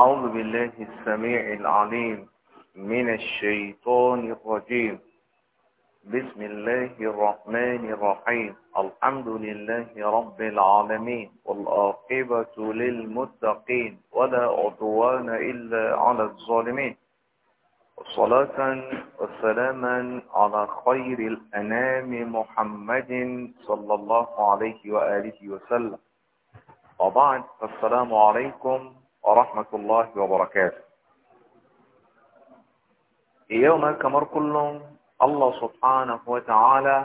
أعوذ بالله السميع العليم من الشيطان الرجيم بسم الله الرحمن الرحيم الحمد لله رب العالمين والآقبة للمتقين ولا عدوان إلا على الظالمين صلاة وسلاما على خير الأنام محمد صلى الله عليه وآله وسلم وبعد السلام عليكم ورحمة الله وبركاته يوم كمر كلهم الله سبحانه وتعالى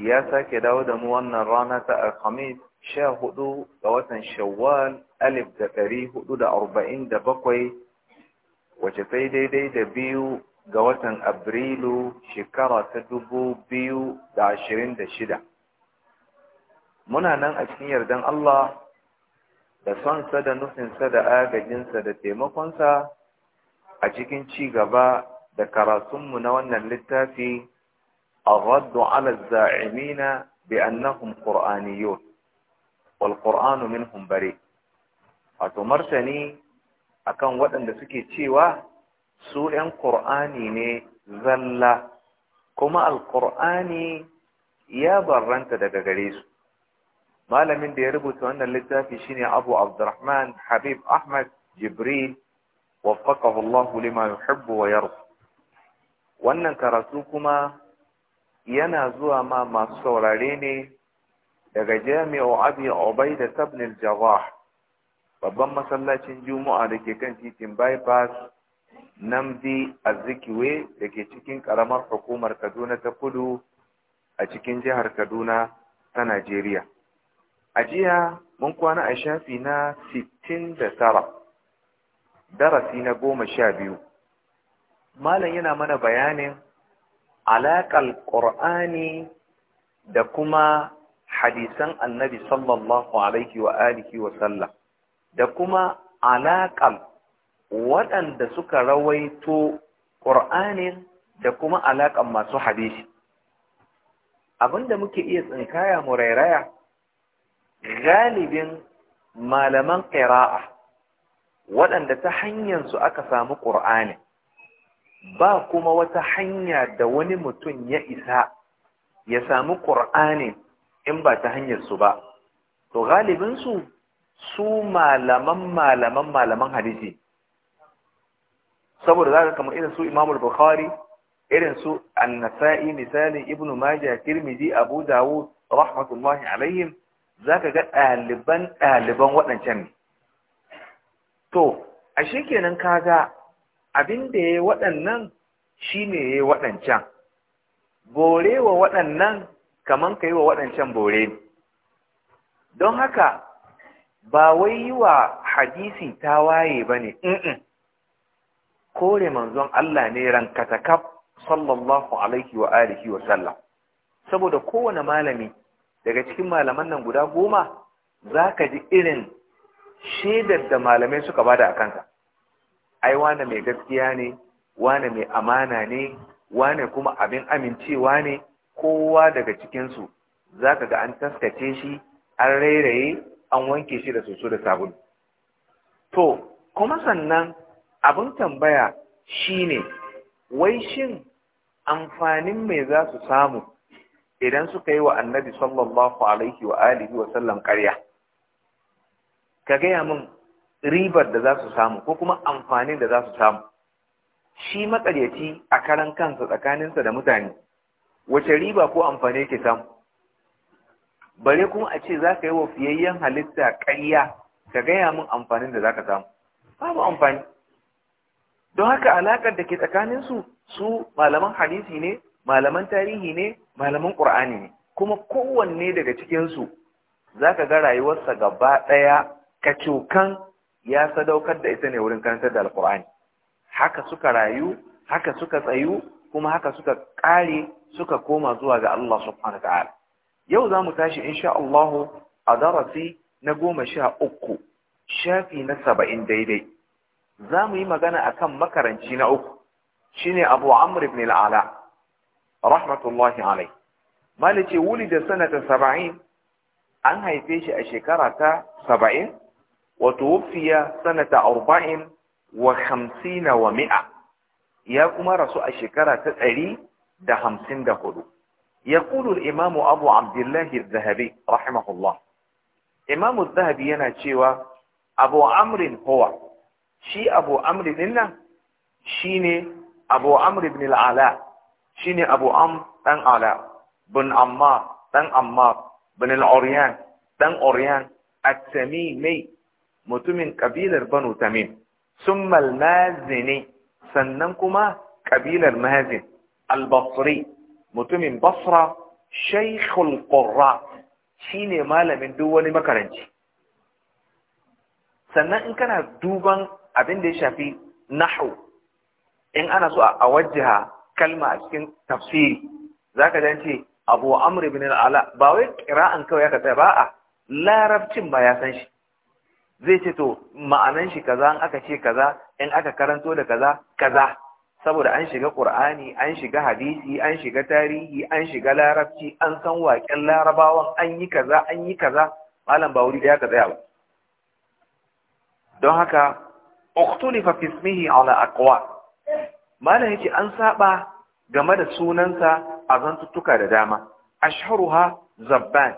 ya sake dawo da mu wannan rana ta alhamis sha hudu ga watan shawwal alif da ɗari hudu da arba'in da bakwai wace sai daidai da biyu ga watan abrilu shekara ta dubu biyu da ashirin da shida muna nan a cikin yardan allah da sonsa da nufinsa da agajinsa da taimakonsa a cikin ci gaba da karatunmu na wannan littafi الرد على الزاعمين بأنهم قرآنيون والقرآن منهم بريء فتمرتني akan waɗanda suke cewa su ‘yan ƙur'ani ne zalla kuma alƙur'ani ya barranta daga gare su malamin da ya rubuta wannan littafi shine Abu Abdurrahman Habib Ahmad Jibril waffaqahu Allah lima yuhibbu wa yarda wannan karatu kuma yana zuwa ma masu saurare ne daga Jami'u Abi Ubaida ibn al-Jarrah babban masallacin Juma'a da ke kan titin bypass Namdi Azikiwe da ke cikin karamar hukumar Kaduna ta Kudu a cikin jihar Kaduna ta Najeriya. a jiya mun kwana a shafi na 69 darasi na 12 malam yana mana bayanin alaƙar ƙur'ani da kuma hadisan annabi sallallahu alaihi wa alihi wa sallam da kuma alaƙar waɗanda suka rawaito ƙur'anin da kuma alaƙar masu hadisi abinda muke iya tsinkaya mu rairaya galibin malaman ƙira'a waɗanda ta hanyarsu aka samu ƙur'ani ba kuma wata hanya da wani mutum ya isa ya samu ƙur'ani in ba ta hanyarsu ba to galibinsu su malaman malaman malaman hadisi saboda za ka kama irin su imamul bukhari irin su annasa'i misali ibnu majah tirmidhi abu dawud rahmatullahi alaihim za ka ga ɗaliban ɗaliban waɗancan ne to a kenan kaga abin da ya yi waɗannan shi ne ya yi waɗancan bore wa waɗannan kamar ka yi wa waɗancan bore don haka ba wai yi wa hadisi ta waye ba ne kore manzon Allah ne katakaf sallallahu alaihi wa alihi wa sallam saboda kowane malami daga cikin malaman nan guda goma za ka ji irin shaidar da malamai suka bada a kanka ai wane mai gaskiya ne wane mai amana ne wane kuma abin amincewa ne kowa daga cikinsu za ka ga an taskace shi an rairaye an wanke shi da soso da sabulu to kuma sannan abin tambaya shine wai shin amfanin mai za su samu idan suka yi wa annabi sallallahu alaihi wa alihi wa sallam ƙarya ka gaya min ribar da za su samu ko kuma amfanin da za su samu shi matsaryaci a karan kansa tsakaninsa da mutane wace riba ko amfani ke samu bare kuma a ce za ka yi wa fiyayyen halitta ƙarya ka gaya min amfanin da za ka samu babu amfani don haka alaƙar da ke tsakaninsu su malaman hadisi ne malaman tarihi ne malaman ƙur'ani ne kuma kowanne daga cikinsu za ka ga rayuwarsa gaba ɗaya kacokan ya sadaukar da ita ne wurin karantar da alƙur'ani haka suka rayu haka suka tsayu kuma haka suka ƙare suka koma zuwa ga Allah subhanahu ta'ala yau za mu tashi insha Allah a darasi na goma sha uku shafi na saba'in daidai za mu yi magana akan makaranci na uku shine abu amr ibn ala rahmatullahi alaihi mali ce wuli da sanata saba'in an haife shi a shekara ta saba'in wato wufiya sanata arba'in wa hamsina wa mi'a ya kuma rasu a shekara ta ɗari da hamsin da hudu ya kudu imamu abu abdullahi zahabi rahimahullah imamu zahabi yana cewa abu amrin howa shi abu amrin nan shi ne abu amrin nila'ala shine Abu Am dan Ala Bun Ammar dan Ammar bin oryan uryan Oryan? Uryan at mutumin ƙabilar Banu Tamim summa al-Mazini sannan kuma ƙabilar Mazin al mutumin Basra shaykhul qurra shine malamin duk wani makaranci sannan in kana duban abin da ya shafi nahu in ana so a wajjaha kalma a cikin tafsiri zaka dan ce Abu Amr ibn al-Ala ba wai qira'an kawai ya tsaya ba a larabcin ba ya san shi zai ce to ma'anan shi kaza in aka ce kaza in aka karanto da kaza kaza saboda an shiga Qur'ani an shiga hadisi an shiga tarihi an shiga larabci an san waƙen larabawan an yi kaza an yi kaza malam ba wuri da ka tsaya ba don haka uktulifa fi ismihi ala aqwa malam yace an saba game da sunansa a zantuttuka da dama ashharuha zabban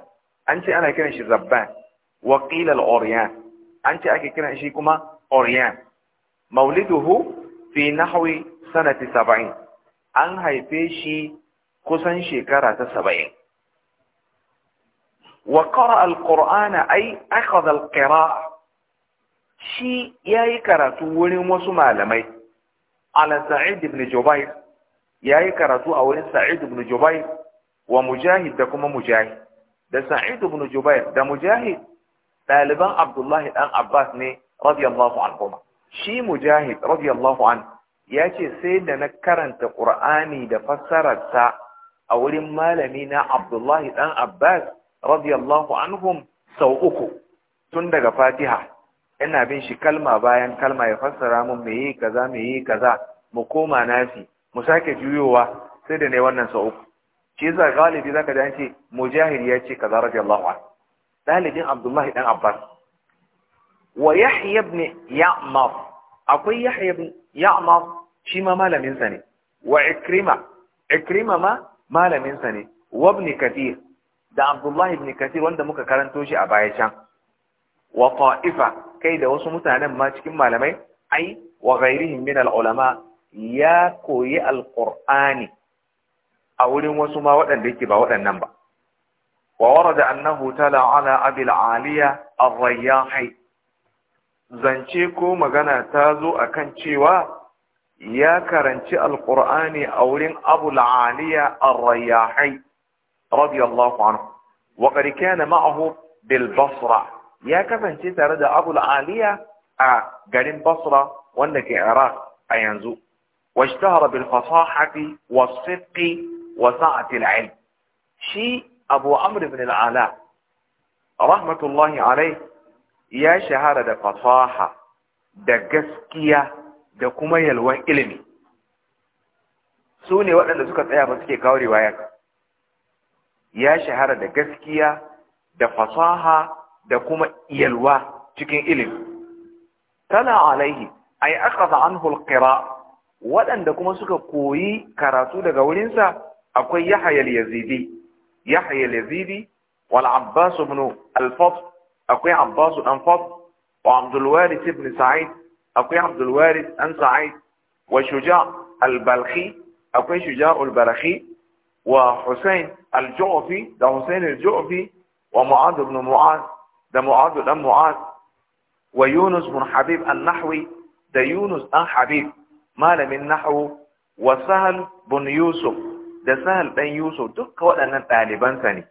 an ce ana kiran shi zabban waƙilal-oriyan an ce ake kiran shi kuma oriyan mauliduhu fi nahwi sanati saba'in. an haife shi kusan shekara ta saba'in. wa qara al-qur'ana ai akhadha al Shi shi yayi karatu wurin wasu malamai ala sa'id ibn jubair yayi karatu a wurin sa'id ibn jubair wa mujahid da kuma mujahid da sa'id ibn jubair da mujahid ɗaliban abdullahi dan abbas ne radiyallahu anhu. shi mujahid radiyallahu an ya ce sai da na karanta qur'ani da fassararsa a wurin malami na abdullahi dan abbas radiyallahu anhum sau uku tun daga fatiha ina bin shi kalma bayan kalma ya fassara mun me yi kaza me yi kaza mu koma nasi mu sake juyowa sai da ne wannan sau uku shi yasa galibi zaka da ce mujahid ya ce kaza radiyallahu anhu dalibin abdullahi dan abbas wa yahya ibn ya'mar akwai yahya ibn ya'mar shi ma malamin sa ne wa ikrima ikrima ma malamin sa ne wa ibn kathir da abdullahi ibn kathir wanda muka karanto shi a baya can wa ta'ifa kai da wasu mutanen ma cikin malamai ai wa ghairihim min al-ulama ya koyi al-qur'ani a wurin wasu ma waɗanda yake ba waɗannan ba wa warada annahu tala ala abil aliya ar-rayyahi zance ko magana ta zo akan cewa ya karanci al-qur'ani a wurin abul aliya ar-rayyahi radiyallahu anhu wa qad kana ma'ahu bil basra ya kasance tare da abul aliya a garin basra wanda ke iraq a yanzu واشتهر بالفصاحة والصدق وسعة العلم شي Shi عمرو بن العلاء رحمة الله عليه يا شهارة da fasaha da gaskiya da kuma yalwan ilimi su ne waɗanda suka tsaya ba suke kawo ya shahara da gaskiya da fasaha da kuma yalwa cikin ilimi tala alaihi ay aqadha anhu alqira waɗanda kuma suka koyi karatu daga wurinsa akwai Yahya al-Yazidi Yahya al-Yazidi wal Abbas ibn al-Fath akwai Abbas ibn Fath wa Abdul Warith ibn Sa'id akwai Abdul Warith an Sa'id wa Shuja' al-Balkhi akwai Shuja' al-Balkhi wa Hussein al-Ju'fi da Hussein al-Ju'fi wa Mu'adh ibn Mu'adh da mu'adu dan mu'ad wa yunus bin habib an-nahwi da yunus dan habib malamin nahwu wa sahal bin yusuf da sahal dan yusuf duk waɗannan ɗalibansa ne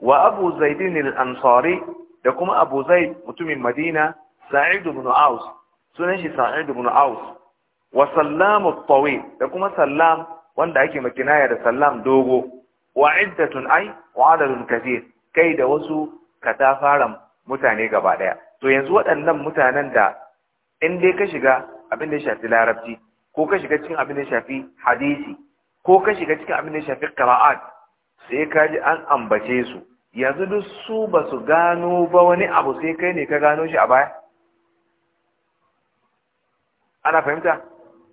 wa abu zaidin al-ansari da kuma abu mutumin madina sa'id ibn aus sunan shi sa'id ibn aus wa sallam at da kuma sallam wanda ake makinaya da sallam dogo wa iddatun ay wa adadun kathir kai da wasu katafaren. mutane gaba ɗaya to yanzu waɗannan mutanen da in dai ka shiga abin da ya shafi larabci ko ka shiga cikin abin da ya shafi hadisi ko ka shiga cikin abin da ya shafi qira'at sai ka ji an ambace su yanzu duk su ba su gano ba wani abu sai kai ne ka gano shi a baya ana fahimta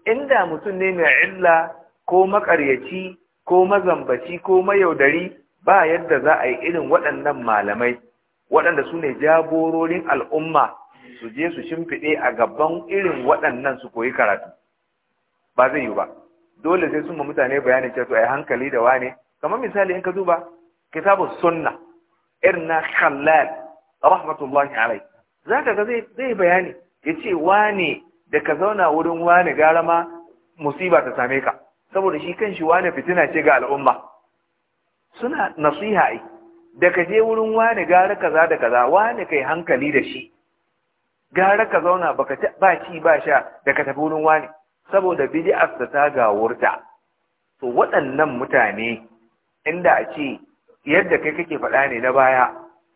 inda mutum ne mai illa ko makaryaci ko mazambaci ko mayaudari ba yadda za a yi irin waɗannan malamai waɗanda su ne jagororin al'umma su je su shimfiɗe a gaban irin waɗannan su koyi karatu ba zai yi ba dole sai sun ma mutane bayani cewa to ai hankali da wane kamar misali in ka duba kitabu sunna irna khallal rahmatullahi alai zaka ga zai bayani. bayani yace wane da ka zauna wurin wane gara ma musiba ta same ka saboda shi kanshi wane fitina ce ga al'umma suna nasiha ai da ka je wurin wani gara kaza da kaza wani kai hankali da shi gara ka zauna ba ci ba sha da ka tafi wurin wani saboda bid'ar ta gawurta to waɗannan mutane inda a ce yadda kai kake faɗa ne na baya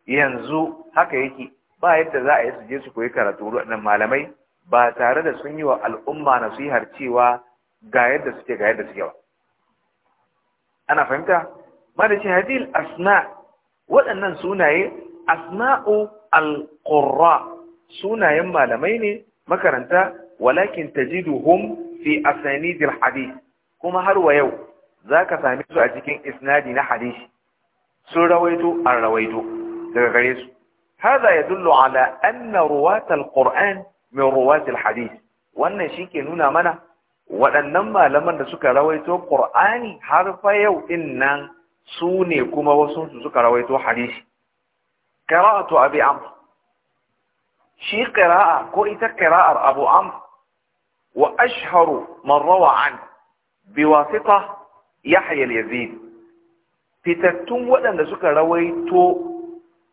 yanzu haka yake ba yadda za a yi su je su koyi karatu waɗannan malamai ba tare da sun yi wa al'umma nasihar cewa ga yadda suke ga yadda suke ba ana fahimta ma da hadil asna waɗannan sunaye asma'u al-qurra sunayen malamai ne makaranta walakin tajiduhum fi asanidil hadith kuma har wa yau zaka same su a cikin isnadi na hadith sun rawaito an rawaito daga gare su hada yadullu ala anna ruwatal qur'an min ruwatil hadith wannan shike nuna mana waɗannan malaman da suka rawaito qur'ani har fa yau din nan su ne kuma wasu suka rawaito hadisi qira'atu abi shi qira'a ko ita qira'ar abu wa ashharu man rawa an biwasita yahya al-yazid fitattun waɗanda suka rawaito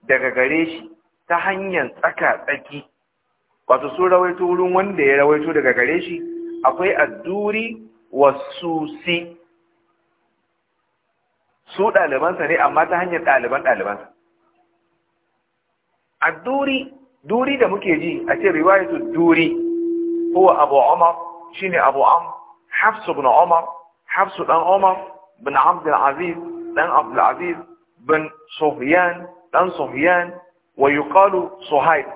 daga gare shi ta hanyar tsaka tsaki wato sun rawaito wurin wanda ya rawaito daga gare shi akwai adduri wa susi su ɗalibansa ne amma ta hanyar ɗaliban ɗalibansa a duri duri da muke ji a ce riwayatu duri huwa abu umar shine abu am hafsu ibn umar hafsu dan umar bin abd aziz dan abd aziz bin sufyan dan sufyan wa yuqalu suhaib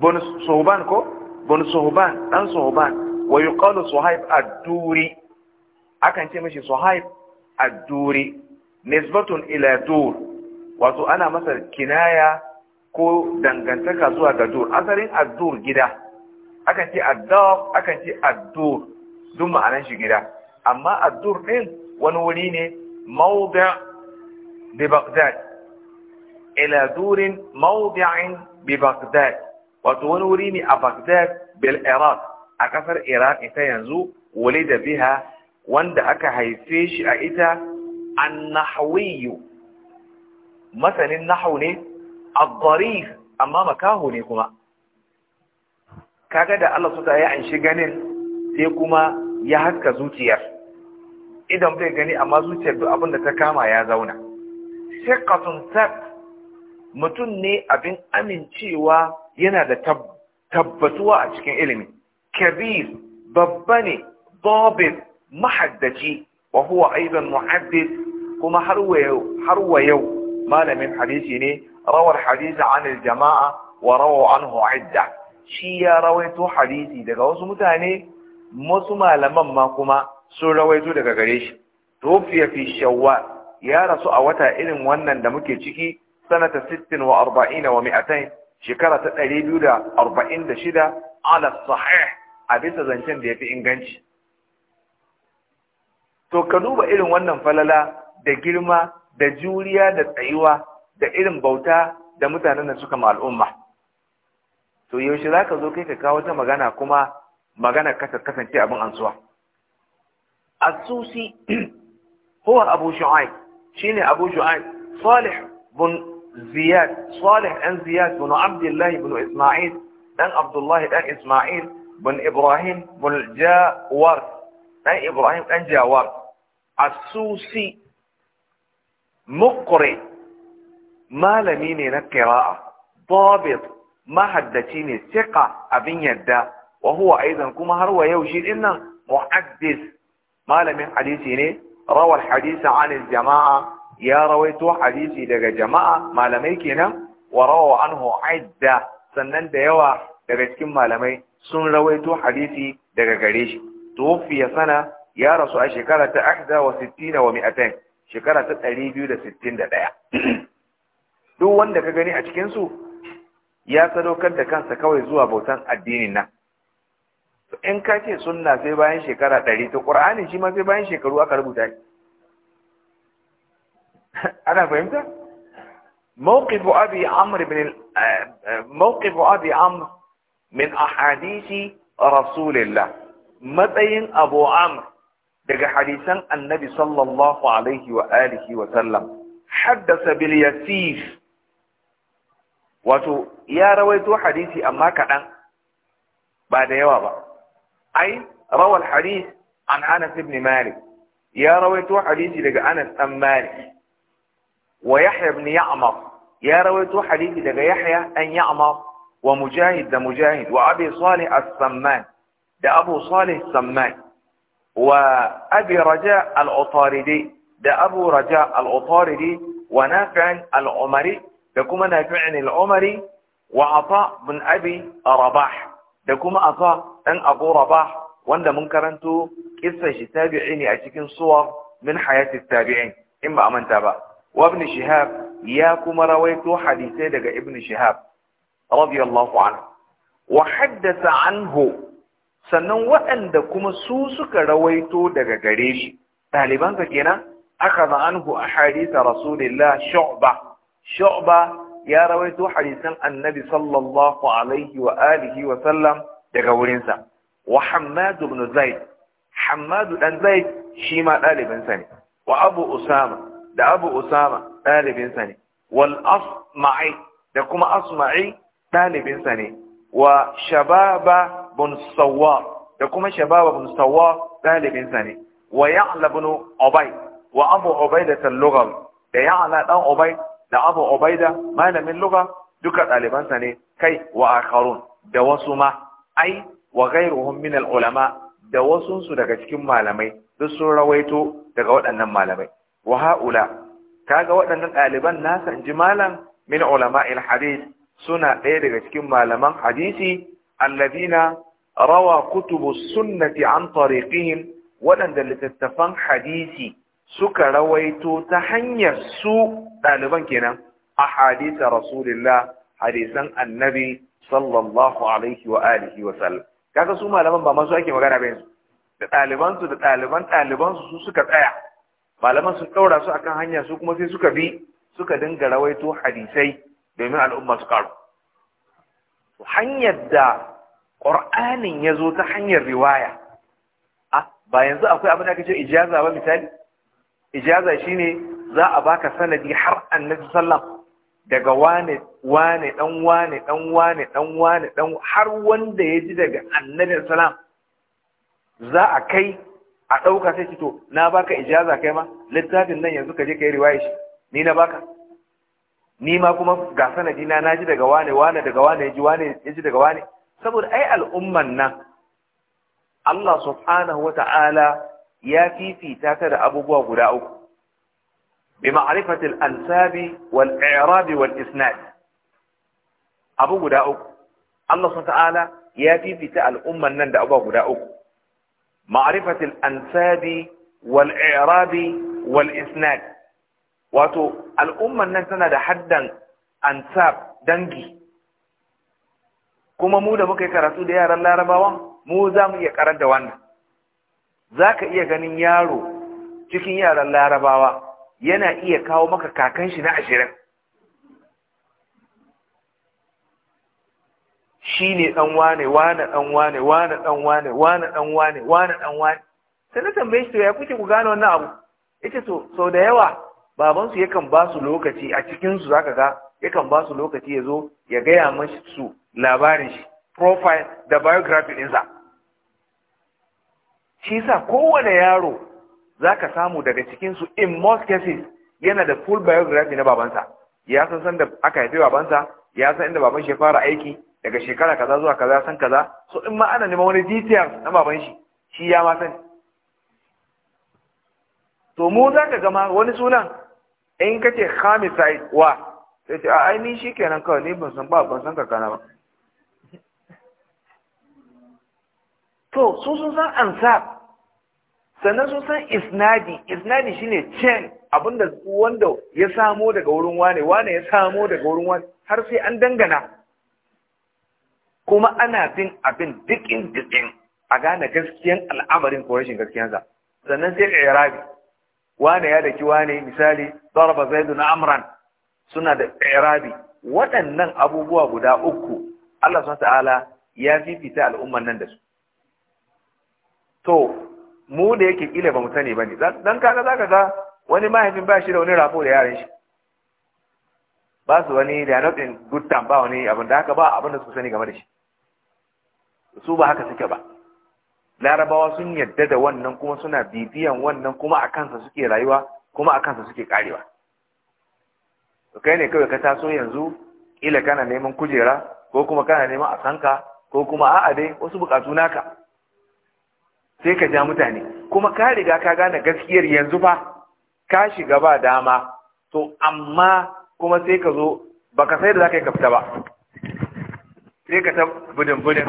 bin suhban ko bin suhban dan suhban wa yuqalu suhaib ad-duri akan ce mishi suhaib ad-duri nisbatun ila wato ana masa kinaya ko dangantaka zuwa ga dur asalin Addur dur gida akan ce Addur, akan ce ad duk ma'anar shi gida amma ad din wani wuri ne mawdi' bi Baghdad ila durin mawdi'in bi Baghdad wato wani wuri ne a Baghdad bil Iraq a kasar Iraq ita yanzu ولد بها wanda aka haife shi a ita annahawiyyu masanin nahu ne al darif amma makaho ne kuma kaga da Allah su ta yi an shi ganin sai kuma ya haska zuciyar idan bai gani amma zuciyar duk abin da ta kama ya zauna thiqatun sat mutum ne abin amincewa yana da tabbatuwa a cikin ilimi kabir babba ne dobin mahaddaci wa huwa aidan kuma har wa malamin hadisi ne rawar hadisi an jamaa wa rawa anhu idda shi ya rawaito hadisi daga wasu mutane wasu malaman ma kuma sun rawaito daga gare shi tufiya fi shawwal ya rasu a wata irin wannan da muke ciki sanata 46 wa 40 wa 200 shekara ta 246 ala sahih a bisa zancen da yafi inganci to ka duba irin wannan falala da girma da juriya da tsayuwa da irin bauta da mutanen da suka ma al'umma to yaushe za ka zo kai ka kawo ta magana kuma magana kasa kasance abin ansuwa asusi huwa abu shu'aib shine abu shu'aib salih bin ziyad salih dan ziyad bin Abdullahi bin isma'il dan abdullah dan isma'il bin ibrahim bin jawar ɗan Ibrahim ɗan Jawar Asusi Mukure malami ne na kira'a Bobit mahaddaci ne siƙa abin yadda wa huwa aizan kuma har wa yau shi ɗin nan muhaddis malamin hadisi ne rawar hadisa anil jama'a ya rawaito hadisi daga jama'a malamai kenan wa rawa anhu aidda sannan da yawa daga cikin malamai sun rawaito hadisi daga gare shi tuwfiya sana ya rasu a shekara ta 61 wa sittina wa 200 shekara ta ɗari biyu da da sittin ɗaya. duk wanda ka gani a cikinsu ya sadaukar da kansa kawai zuwa bautan addinin nan in ka ce suna sai bayan shekara ɗari ta qur'ani shi ma sai bayan shekaru aka rubuta shi ana fahimta موقف أبي عمرو بن موقف أبي عمرو من matsayin abu amr daga hadisan annabi sallallahu alaihi wa alihi wa sallam haddasa bil yasif wato ya rawaito hadisi amma kaɗan ba da yawa ba ai rawal hadis an anas ibn malik ya rawaito hadisi daga anas dan malik wa yahya ibn ya'mar ya rawaito hadisi daga yahya dan ya'mar wa mujahid da mujahid wa abi salih as-samman da Abu Salih Samman wa abiraja Raja al-Utaridi da aburaja Raja al-Utaridi wa Nafi' al-Umari da kuma Nafi' al-Umari wa Ata bin Abi Rabah da kuma Ata dan Abu Rabah wanda mun karanto kissa shi tabi'i ne a cikin suwar min hayati tabi'in in ba ba wa ibn Shihab ya kuma rawaito hadisai daga ibn Shihab radiyallahu anhu wa haddatha anhu sannan waɗanda kuma su suka rawaito daga gare shi ɗalibansa kenan aka za an hu a hadisa rasulillah shu'ba shu'ba ya rawaito hadisan annabi sallallahu alaihi wa alihi wa sallam daga wurinsa wa hammadu ibn zaid hammadu dan zaid shi ma ɗalibinsa ne wa abu usama da abu usama ɗalibinsa ne wal asma'i da kuma asma'i ɗalibinsa ne wa shababa bin da kuma shababa bin sawwar sa ne wa ya'la bin ubay wa abu ubayda al-lughawi da ya'la dan ubay da abu ubayda malamin lugha duka daliban sa ne kai wa akharun da wasu ma ai wa ghayruhum min al-ulama da wasu su daga cikin malamai duk sun rawaito daga waɗannan malamai wa haula kaga waɗannan ɗaliban nasa inji malam min al hadith suna ɗaya daga cikin malaman hadisi allazina rawa kutubu sunnati an tariqihim waɗanda littattafan hadisi suka rawaito ta hanyar su ɗaliban kenan a hadisa rasulillah hadisan annabi sallallahu alaihi wa wa sallam kaga su malaman ba masu ake magana ba yanzu da ɗaliban su da ɗaliban ɗaliban su su suka tsaya malaman sun ɗaura su akan hanya su kuma sai suka bi suka dinga rawaito hadisai domin al'umma su karu hanyar da Qur'anin ya zo ta hanyar riwaya a ah, ba yanzu akwai abin da aka ce ijaza ba misali ijaza shi ne za a baka sanadi har annabi sallam daga wane wane dan wane dan wane dan wane dan har wanda ya ji daga annabi sallam za a kai a ɗauka sai ki to na baka ijaza kai ma littafin nan yanzu ka je kai riwaya shi ni na baka ni ma kuma ga sanadi na ji daga wane wane daga wane ya ji wane ya ji daga wane saboda ai al'umman nan Allah subhanahu wata'ala ya fifita ta da abubuwa guda uku bi ma'rifatil ansabi wal i'rab wal isnad abu guda uku Allah subhanahu wata'ala ya fifita al'umman nan da abubuwa guda uku ma'rifatil ansabi wal i'rab wal isnad wato al'umman nan tana da haddan ansab dangi kuma mu da muka yi karatu da yaran larabawan mu za mu iya karanta wannan za ka iya ganin yaro cikin yaran larabawa yana iya kawo maka kakan shi na ashirin shi ne ɗan wane wane ɗan wane wane ɗan wane wane ɗan wane wane ɗan wane sai na tambaye shi to ya kuke ku gane wannan abu ita so sau da yawa babansu yakan ba su lokaci a cikinsu za ka ga yakan ba su lokaci ya zo ya gaya su. labarin shi profile da biography ɗinsa shi sa kowane yaro za ka samu daga cikinsu in most cases yana da full biography na babansa ya san san da aka haifi babansa ya san inda baban shi fara aiki daga shekara kaza zuwa kaza san kaza so in ma ana neman wani details na baban shi shi ya ma sani to mu za ka gama wani sunan in ka ce hamisai wa sai ce a ainihin shi kenan kawai ni ban san ba ban san kakana ba to su sun san ansab sannan sun san isnadi isnadi shine chain abinda wanda ya samo daga wurin wane wane ya samo daga wurin wane har sai an dangana kuma ana bin abin dikin dikin a gane gaskiyan al'amarin ko rashin gaskiyansa sannan sai irabi wane ya daki wane misali darba zaidu na amran suna da irabi waɗannan abubuwa guda uku Allah subhanahu ta'ala ya fifita al'umman nan da su to mu da yake kila ba mu sani bane dan kaga zaka ga wani mahaifin ba shi da wani rafo da yaran shi ba su wani da not in good ba wani abin da haka ba abin da su sani game da shi su ba haka suke ba larabawa sun yadda da wannan kuma suna bibiyan wannan kuma a kansa suke rayuwa kuma a kansa suke karewa kai ne kawai ka taso yanzu kila kana neman kujera ko kuma kana neman a sanka ko kuma a'a dai wasu bukatu naka sai ka ja mutane kuma ka riga ka gane gaskiyar yanzu fa ka shiga ba dama to amma kuma sai ka zo baka sai da zaka yi kafta ba sai ka ta budin budin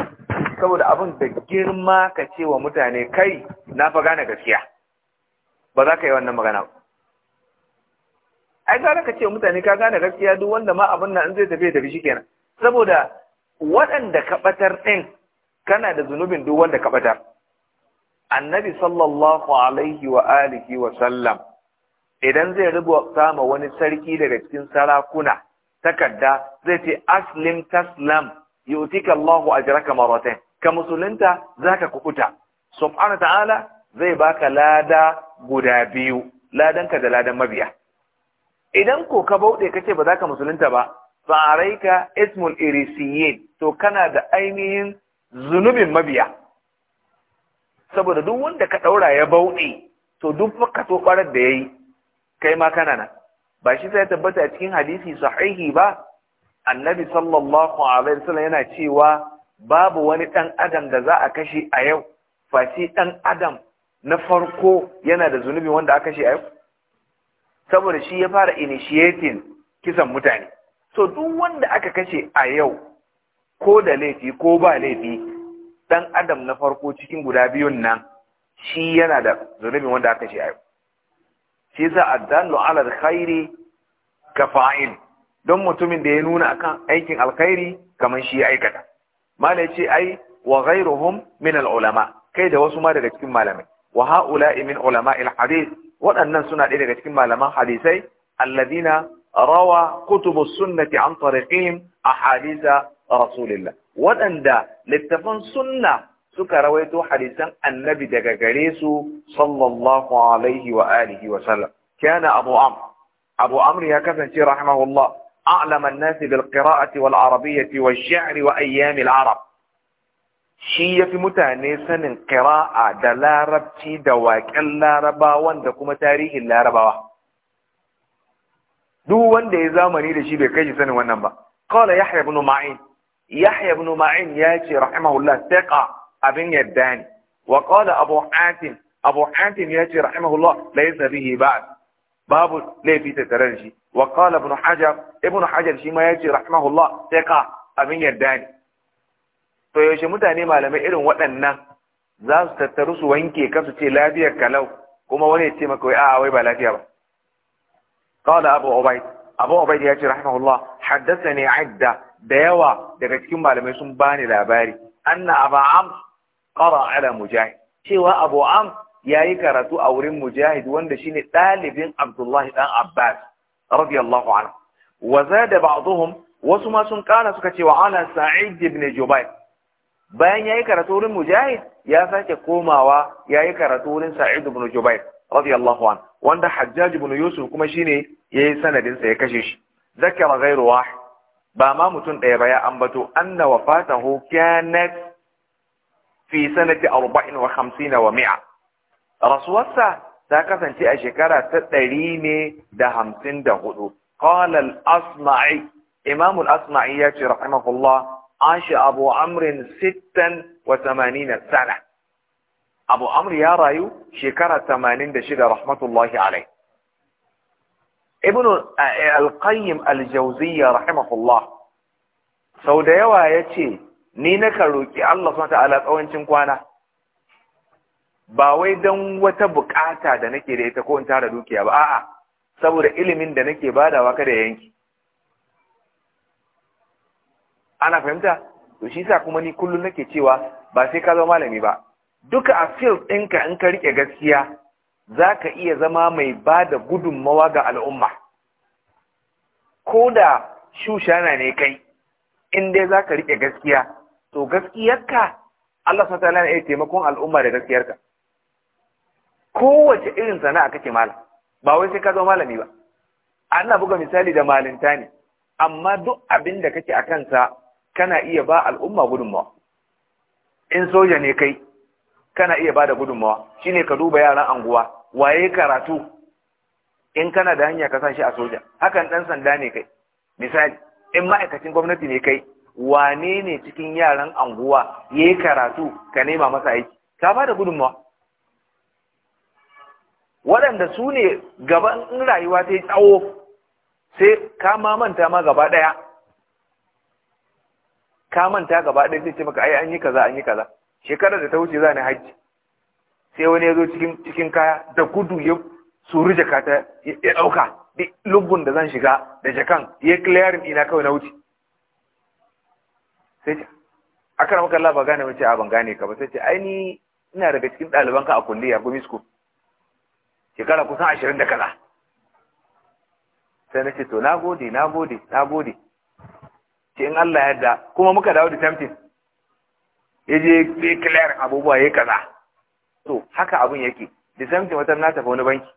saboda abin da girma ka ce wa mutane kai na fa gane gaskiya ba za ka yi wannan magana ba ai gara ka ce mutane ka gane gaskiya duk wanda ma abin nan zai tafi tafi shikenan saboda waɗanda ka batar ɗin kana da zunubin duk wanda ka batar annabi sallallahu alaihi wa alihi wa sallam idan zai rubuta ma wani sarki daga cikin sarakuna takarda zai ce aslim taslam yutika Allahu ajraka marratayn ka musulunta zaka kukuta subhanahu ta'ala zai baka lada guda biyu ladanka da ladan mabiya idan ko ka bauɗe kace ba za ka musulunta ba fa'araika ismul irisiyin to kana da ainihin zunubin mabiya saboda duk wanda ka ɗaura ya bauɗe to duk ka to ɓarar da ya yi kai ma kana nan ba shi sai tabbata a cikin hadisi sahihi ba annabi sallallahu alaihi wasallam yana cewa babu wani ɗan adam da za a kashe a yau face ɗan adam na farko yana da zunubi wanda aka kashe a yau saboda shi ya fara initiating kisan mutane To duk wanda aka kashe a yau ko da laifi ko ba laifi dan adam na farko cikin guda biyun nan shi yana da zunubin wanda aka ce ayo shi yasa addallu ala alkhairi ka fa'il don mutumin da ya nuna akan aikin alkhairi kamar shi ya aikata mala yace ai wa ghairuhum min alulama kai da wasu ma daga cikin malamai wa haula'i min ulama alhadith waɗannan suna ɗaya daga cikin malaman hadisai alladina rawa kutubus sunnati an tariqihim ahaditha رسول الله وأندا لتفن سنة سكرويت حديثا النبي دكاريس صلى الله عليه وآله وسلم كان أبو عمر أبو عمر يا كفنسي رحمه الله أعلم الناس بالقراءة والعربية والشعر وأيام العرب شيء في متانسا من قراءة دلا ربتي دواك اللا ربا واندكم تاريخ اللا ربا دو وان دي زامني لشي بكي سنة وان قال يحيى بن معين يحيى بن معين ياتي رحمه الله ثقة أبن يداني وقال أبو حاتم أبو حاتم ياتي رحمه الله ليس به بعد باب ليه في تترجي وقال ابن حجر ابن حجر شيما ياتي رحمه الله ثقة أبن يداني فيوشي متاني ما لم يئرن وأنه za تترس وينكي su wanke ka su ce lafiyar kalau kuma wani ya ce maka wai ابو عبيد ba lafiya ba qala abu ubayd abu da yawa daga cikin malamai sun bani labari anna aba am qara ala mujahid cewa abu am yayi karatu a wurin mujahid wanda shine dalibin abdullahi ɗan abbas radiyallahu anhu wa zada ba'dhum wasu ma sun kara suka cewa ana sa'id ibn jubair bayan yayi karatu wurin mujahid ya sake komawa yayi karatu wurin sa'id ibn jubair radiyallahu anhu wanda hajjaj ibn yusuf kuma shine yayi sanadin sa ya kashe shi zakara ghairu wahid ba ma mutum ɗaya ba ya ambato anna wafatahu kanat fi sanati 54 wa 100 rasuwarsa ta kasance a shekara ta ɗari ne da hamsin qala al-asma'i imam al-asma'i ya ce rahimahullah asha abu amrin 86 sana abu amr ya rayu shekara 86 rahmatullahi alaihi ibn al-qayyim al-jawziyya rahimahullah sau da yawa yace ni na roƙi roki Allah subhanahu ta'ala tsawancin kwana ba wai dan wata bukata da nake da ita ko in tara dukiya ba a'a saboda ilimin da nake badawa kada ya yanki ana fahimta to shi sa kuma ni kullun nake cewa ba sai ka zama malami ba duka a field ɗinka in ka rike gaskiya za ka iya zama mai ba da gudunmawa ga al'umma ko da shushana ne kai in dai za ka riƙe gaskiya to gaskiyarka Allah sa ta lana iya taimakon al'umma da gaskiyarka kowace irin sana'a kake malam ba wai sai ka zo malami ba ana buga misali da malinta ne amma duk abin da kake a kansa kana iya ba al'umma gudunmawa in soja ne kai kana iya ba da gudunmawa shine ka duba yaran anguwa waye karatu in kana da hanya ka sa a soja hakan dan sanda ne kai misali in ma'aikacin gwamnati ne kai wane ne cikin yaran anguwa yayi karatu ka nema masa aiki ka ba da gudunmawa waɗanda su ne gaban in rayuwa ta yi tsawo sai ka ma manta ma gaba ɗaya ka manta gaba ɗaya sai ce maka ai an yi kaza an yi kaza shekarar da ta wuce za ni hajji sai wani ya zo cikin kaya da gudu ya suru jaka ta ya ɗauka lungun da zan shiga da jakan ya clearing ina kawai na wuce sai ce akara maka Allah ba gane mace a ban gane ka ba sai ce ai ni ina daga cikin ɗaliban ka a kulliya gumi school shekara kusan ashirin da kaza sai na ce to na gode na gode na gode ce in Allah ya yarda kuma muka dawo da tamtin ya je ya clearing abubuwa ya kaza so haka abin yake da samti wata na tafi wani banki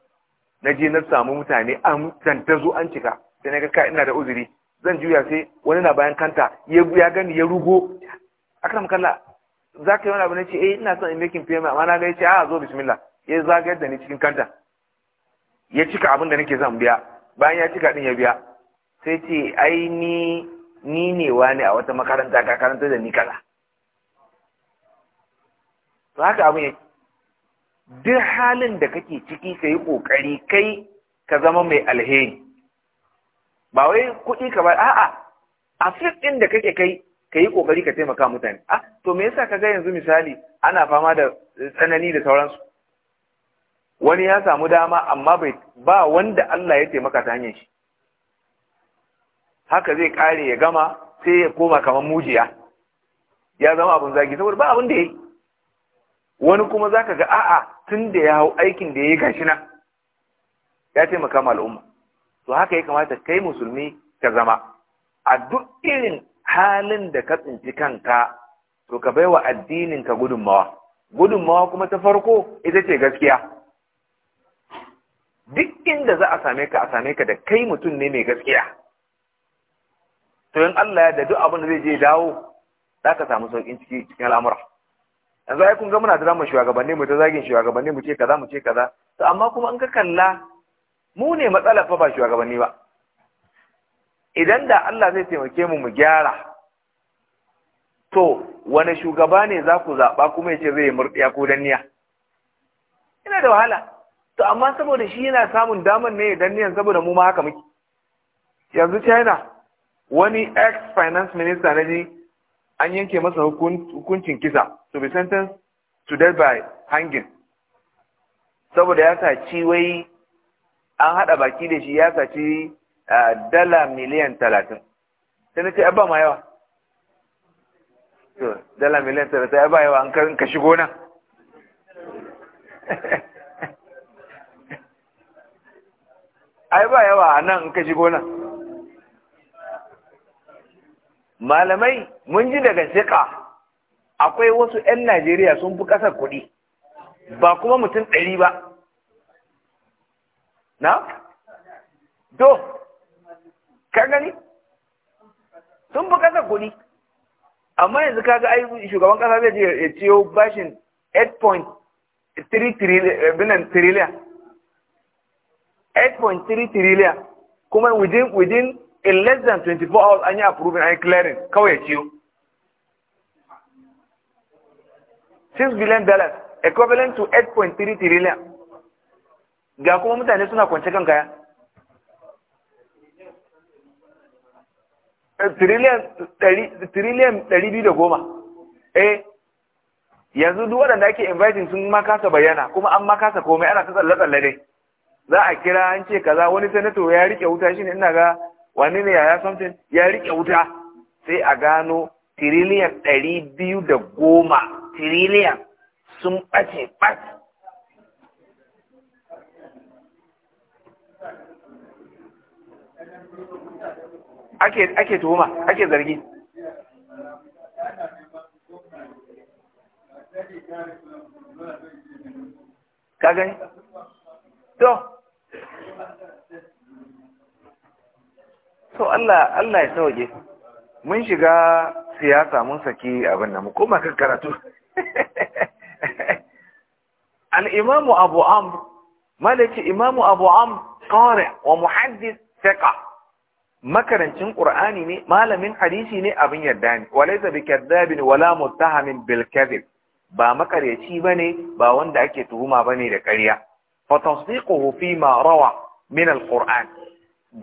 na je na samu mutane an zanta zo an cika sai na ga ka ina da uzuri zan juya sai wani na bayan kanta ya ya gani ya rugo akram kalla za ka yi wani abu na ce eh ina son in making payment amma na ga yace a ah, zo bismillah ya zagayar da ni cikin kanta ya cika abin da nake zan biya bayan ya cika din ya biya sai ce ai ni ni ne wani a wata makaranta ka karanta da ni kaza to haka abin yake duk halin da kake ciki ka yi ƙoƙari kai ka zama mai alheri ba wai kuɗi ka ba a'a a fit ɗin da kake kai ka yi ƙoƙari ka taimaka mutane a to me yasa ka yanzu misali ana fama da tsanani da sauransu wani ya samu dama amma bai ba wanda Allah ya taimaka ta hanyar shi haka zai kare ya gama sai ya koma kamar mujiya ya zama abin zagi saboda ba abin da ya wani kuma za ka ga a'a tun da ya hau aikin da ya yi gashi na ya taimaka ma al'umma to haka ya kamata kai musulmi ka zama a duk irin halin da ka tsinci kanka to ka baiwa addinin ka gudunmawa gudunmawa kuma ta farko ita ce gaskiya duk inda za a same ka a same ka da kai mutum ne mai gaskiya to yin Allah ya da duk abin da zai je dawo za ka samu sauƙin ciki cikin al'amura yanzu ai kun ga muna drama shugabanni mu ta zagin shugabanni mu ce kaza mu ce kaza to amma kuma an ka kalla mu ne matsalar fa ba shugabanni ba idan da Allah zai taimake mu mu gyara to wani shugaba ne za ku zaɓa kuma ya ce zai murɗiya ko danniya yana da wahala to amma saboda shi yana samun daman ne danniyan saboda mu ma haka muke yanzu china wani ex finance minister na ji an yanke masa hukuncin kisa to be sentenced to death by hanging saboda ya saci wai an haɗa baki da shi ya saci dala miliyan talatin sai na ce abba ma yawa dala miliyan talatin ba yawa an karin ka shigo nan ai ba yawa a nan in ka shigo nan malamai mun ji daga siƙa akwai wasu 'yan Najeriya sun fi ƙasar kuɗi ba kuma mutum ɗari ba na? do kan gani? sun fi ƙasar kuɗi amma yanzu kaga ai shugaban ƙasa zai je ya ciyo bashin 8.3 binan trillion 8.3 trillion kuma within within in less than 24 hours an yi approving an yi clearing kawai ya ciyo 6 billion dollars equivalent to 8.3 trillion ga kuma mutane suna kwance kan kaya eh, trillion 210 eh yanzu duk waɗanda ake inviting sun ma kasa bayyana kuma an ma kasa komai ana ta tsalle-tsalle dai za a kira an ce kaza wani sanato ya rike wuta shine ina ga wani ne yaya something ya rike wuta sai a gano tiriliyan ɗari biyu da goma tiriliyan sun ɓace ɓat ake ake tuhuma ake zargi ka gani to to Allah Allah ya sauke mun shiga siyasa mun saki abin nan mu koma kan karatu الإمام أبو عمرو مالك إمام أبو عمرو قارئ ومحدث ثقة makarancin Qur'ani ne malamin hadisi ne abin yarda ne walaysa bikazzabin wala muttahamin bil kadhib ba makaryaci bane ba wanda ake tuhuma bane da ƙarya fa tasdiquhu fi ma rawa min al Qur'an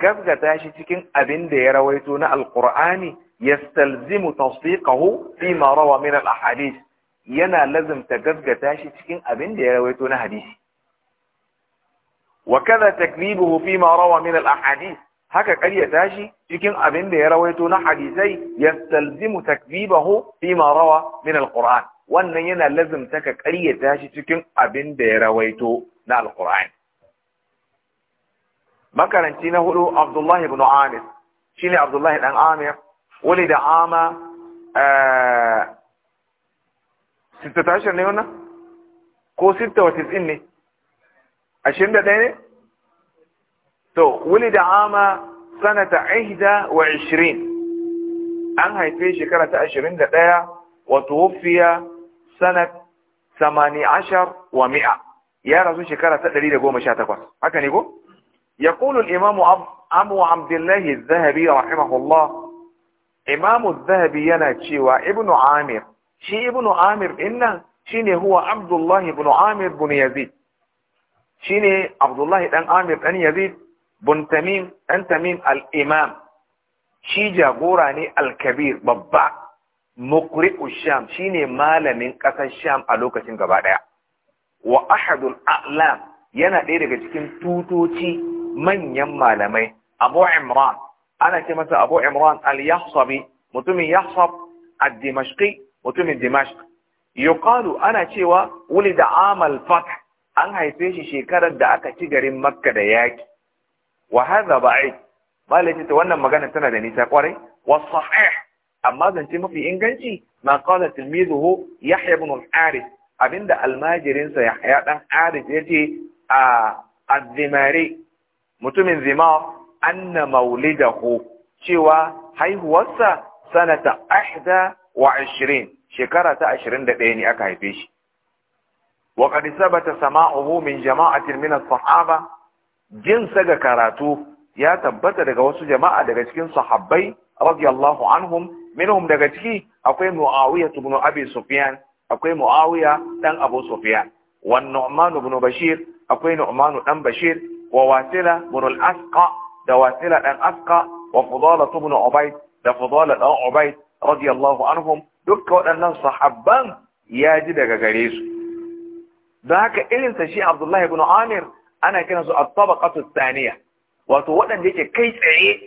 gaggata shi cikin abin da ya rawaito na al Qur'ani yastalzimu tasdiquhu fi ma rawa min al ahadith yana lazimta gaggata shi cikin abin da ya rawaito na hadisi wa kaza takdibuhu fi ma rawa min al ahadith haka ƙaryata shi cikin abin da ya rawaito na hadisai yastalzimu takdibuhu fi ma rawa min al qur'an wannan yana lazimta ka ƙaryata shi cikin abin da ya rawaito na al qur'an makaranci na hudu abdullahi ibn Amir shine abdullahi dan Amir ولد عام 16 ne wannan ko 96 ne ɗaya ne to da ama sanata 21 an haife shekara ta ɗaya wa tuwfiya sanat 18 wa 100 ya rasu shekara ta takwas. haka ne ko Ya الإمام أبو عبد الله الذهبي رحمه الله إمام الذهبي يناتشي وابن عامر شي ابن عامر إن شيني هو عبد الله بن عامر بن يزيد شيني عبد الله بن عامر بن يزيد بن تميم أن تميم الإمام شي جاغوراني الكبير بابا مقرئ الشام شيني مال من قصة الشام ألوكة قبادة وأحد الأعلام ينا ديرك جكين توتوتي من يمال مي أبو عمران أنا كما أبو عمران اليحصبي متمي يحصب الدمشقي mutumin dimashq yuqalu ana cewa wulida amal fath an haife shi shekarar da aka ci garin makka da yaki wa hadha ba'id malaki ta wannan magana tana da nisa kwarai wa sahih amma zance mafi inganci ma qala tilmizuhu yahya ibn al abinda almajirin sa yahya dan harith yace a az-zimari mutumin zimar anna maulidahu cewa haihuwarsa sanata ahda wa ashirin shekara ta ashirin da ɗaya ne aka haife shi wa qad sabata sama'uhu min jama'atin min sahaba jin saga karatu ya tabbata daga wasu jama'a daga cikin sahabbai radiyallahu anhum minhum daga ciki akwai muawiya ibn abi sufyan akwai muawiya dan abu sufyan wa nu'man ibn bashir akwai nu'man dan bashir wa wasila ibn al-asqa da wasila dan asqa wa fudala ibn ubayd da fudala dan ubayd radiyallahu anhum dukka waɗannan sahabban ya ji daga gare su don haka irinsa shi abdullahi ibn amir ana kiran su at-tabaqatu saniya wato waɗanda yake kai tsaye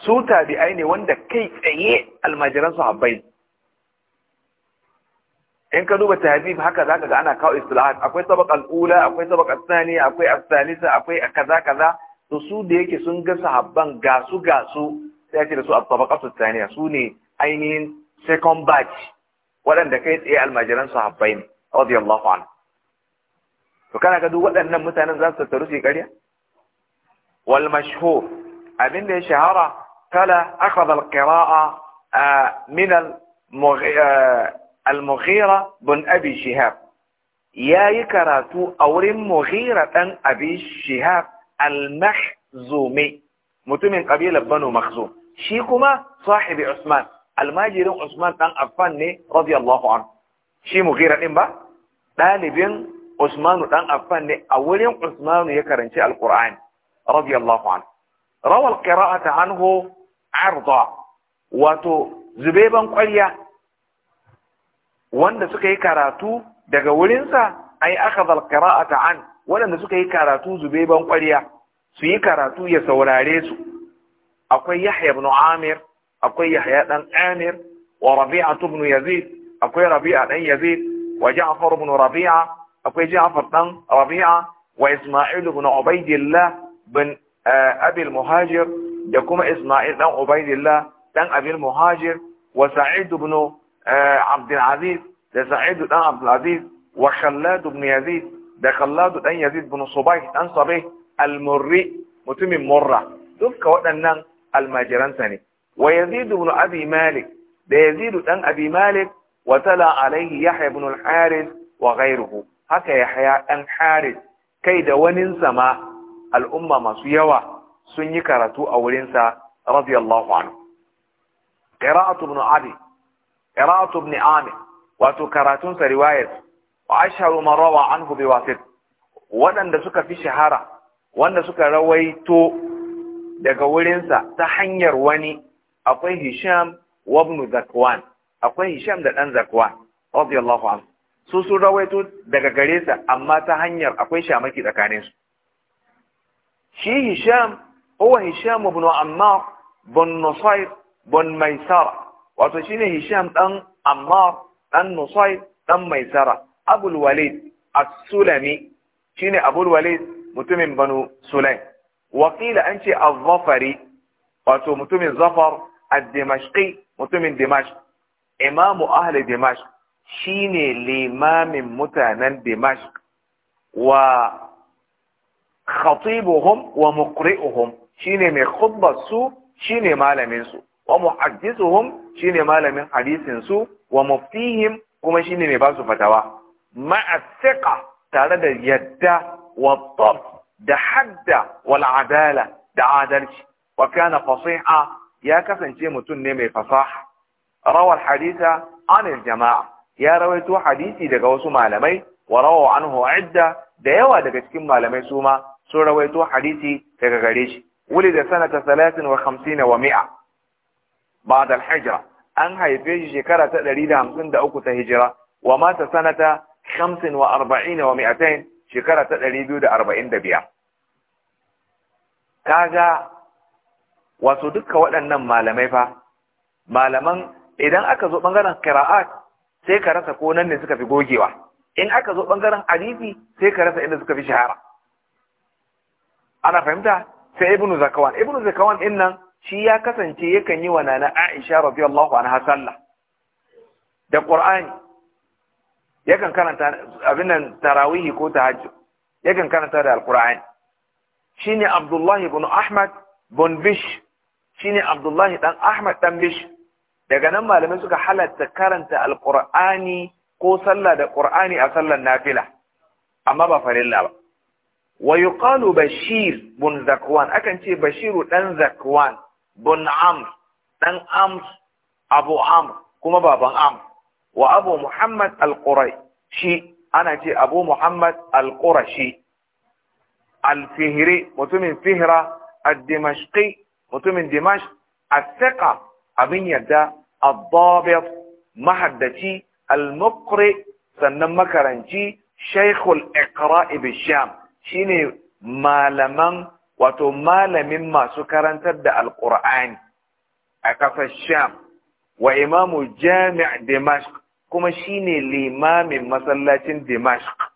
su tabi'ai ne wanda kai tsaye almajiran sahabbai in ka duba tahdhib haka zaka ga ana kawo istilahat akwai tabaqal ula akwai tabaqat thaniya akwai as-salisa akwai kaza kaza to su da yake sun ga sahabban gasu gasu sai ya da su at-tabaqatu thaniya su ne ainihin second batch waɗanda kai tsaye almajiran sahabbai ne radiyallahu anhu to kana ga duk waɗannan mutanen za su tattaru su ƙarya wal mashhur abin da ya shahara kala akhadha al qira'a min al المغيرة بن karatu a wurin mughira dan abi shihab al-mahzumi mutumin متمن banu mahzum shi kuma sahibi usman almajirin Usman dan Affan ne radiyallahu anhu shi mugira din ba dalibin Usman dan Affan ne a wurin Usman ya karanci alqur'ani radiyallahu anhu rawa alqira'ata anhu arda wato zubeban ƙwarya wanda suka yi karatu daga wurinsa ai akhadha alqira'ata an wanda suka yi karatu zubeban ƙwarya su yi karatu ya saurare su akwai Yahya ibn Amir أقوي يحيى بن عامر وربيعة بن يزيد أقوي ربيعة بن يزيد وجعفر بن ربيعة أقوي جعفر بن ربيعة وإسماعيل بن عبيد الله بن آه، أبي المهاجر يقوم إسماعيل بن عبيد الله بن أبي المهاجر وسعيد بن آه، عبد العزيز لسعيد بن عبد العزيز وخلاد بن يزيد ده خلاد بن يزيد بن صبيح بن صبيح المري متم مرة دوك وقت النان المجران ثاني wa yazid ibn abi malik da yazid dan abi malik wa tala alaihi yahya ibn al-harith wa ghayruhu haka yahya dan harith kai da wani sama al'umma masu yawa sun yi karatu a wurinsa radiyallahu anhu qira'atu ibn abi qira'atu ibn amir wato karatun sa riwayat wa ashharu man rawa anhu biwasit waɗanda suka fi shahara wanda suka rawaito daga wurinsa ta hanyar wani akwai Hisham wa ibn Zakwan akwai Hisham da ɗan Zakwan radiyallahu anhu su sun rawaito daga gare sa amma ta hanyar akwai shamaki tsakanin su shi Hisham huwa Hisham ibn Ammar bin Nusayr bin Maisara wato shine Hisham dan Ammar dan Nusayr dan Maisara Abul Walid as-Sulami shine Abul Walid mutumin Banu Sulaim wakila an ce az-Zafari wato mutumin Zafar الدمشقي مطمئن دمشق امام اهل دمشق شيني الامام متنن دمشق و خطيبهم ومقرئهم شيني من خطبة سو شيني مال من سو ومحدثهم شيني مال من حديث سو ومفتيهم كما شيني نباس فتوى مع الثقة تعدد اليد والطب دحد والعدالة دعادلش وكان فصيحة ya kasance mutum ne mai fasaha rawar hadisa anil jama'a ya rawaito hadisi daga wasu malamai wa rawa anhu idda da yawa daga cikin malamai su ma sun rawaito hadisi daga gare shi ولد سنة ثلاث da ومئة بعد الحجرة أن هيفيش شكرة تدريد همسن دعوكو wa ومات سنة خمس وأربعين ومئتين شكرة تدريد دا أربعين دبيع كاجا wato dukka waɗannan malamai fa malaman idan aka zo bangaren qira'at sai ka rasa ko nan ne suka fi gogewa in aka zo bangaren hadisi sai ka rasa inda suka fi shahara ana fahimta sai ibnu zakawan ibnu zakawan din nan shi ya kasance yakan yi wa nana Aisha radiyallahu anha sallah da Qur'ani yakan karanta abin nan tarawih ko tahajjud yakan karanta da Al-Qur'ani shine Abdullahi ibn Ahmad bin Bish shine Abdullahi dan Ahmad dan Bish daga nan malamai suka halatta karanta alqur'ani ko sallah da qur'ani a sallan nafila amma ba farilla ba wa yuqalu bashir bun zakwan akan ce bashiru dan zakwan bun amr dan amr abu amr kuma baban amr wa abu muhammad Alqurashi ana ce abu muhammad Alqurashi. alfihri al mutumin fihra ad-dimashqi مطمئ من دمشق الثقة أبين يدى الضابط مهدتي المقرئ سنم مكرنجي شيخ الإقراء بالشام شيني ما لمن وتما لمن ما سكرن تبدأ القرآن أكف الشام وإمام جامع دمشق كما شيني الإمام مسلات دمشق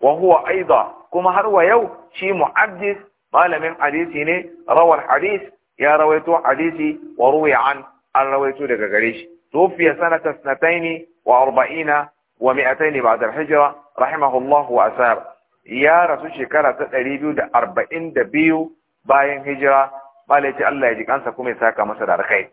وهو أيضا كما هو يو شي محدث قال من حديثي ني روى الحديث يا رويتو حديثي وروي عن أن رويتو لك قريش توفي سنة اثنتين وأربعين ومئتين بعد الحجرة رحمه الله وأسار يا رسول شكرا تتريبيو دا أربعين دبيو باين هجرة قال يتي الله يجيك أنسى كومي ساكا مسدار الخير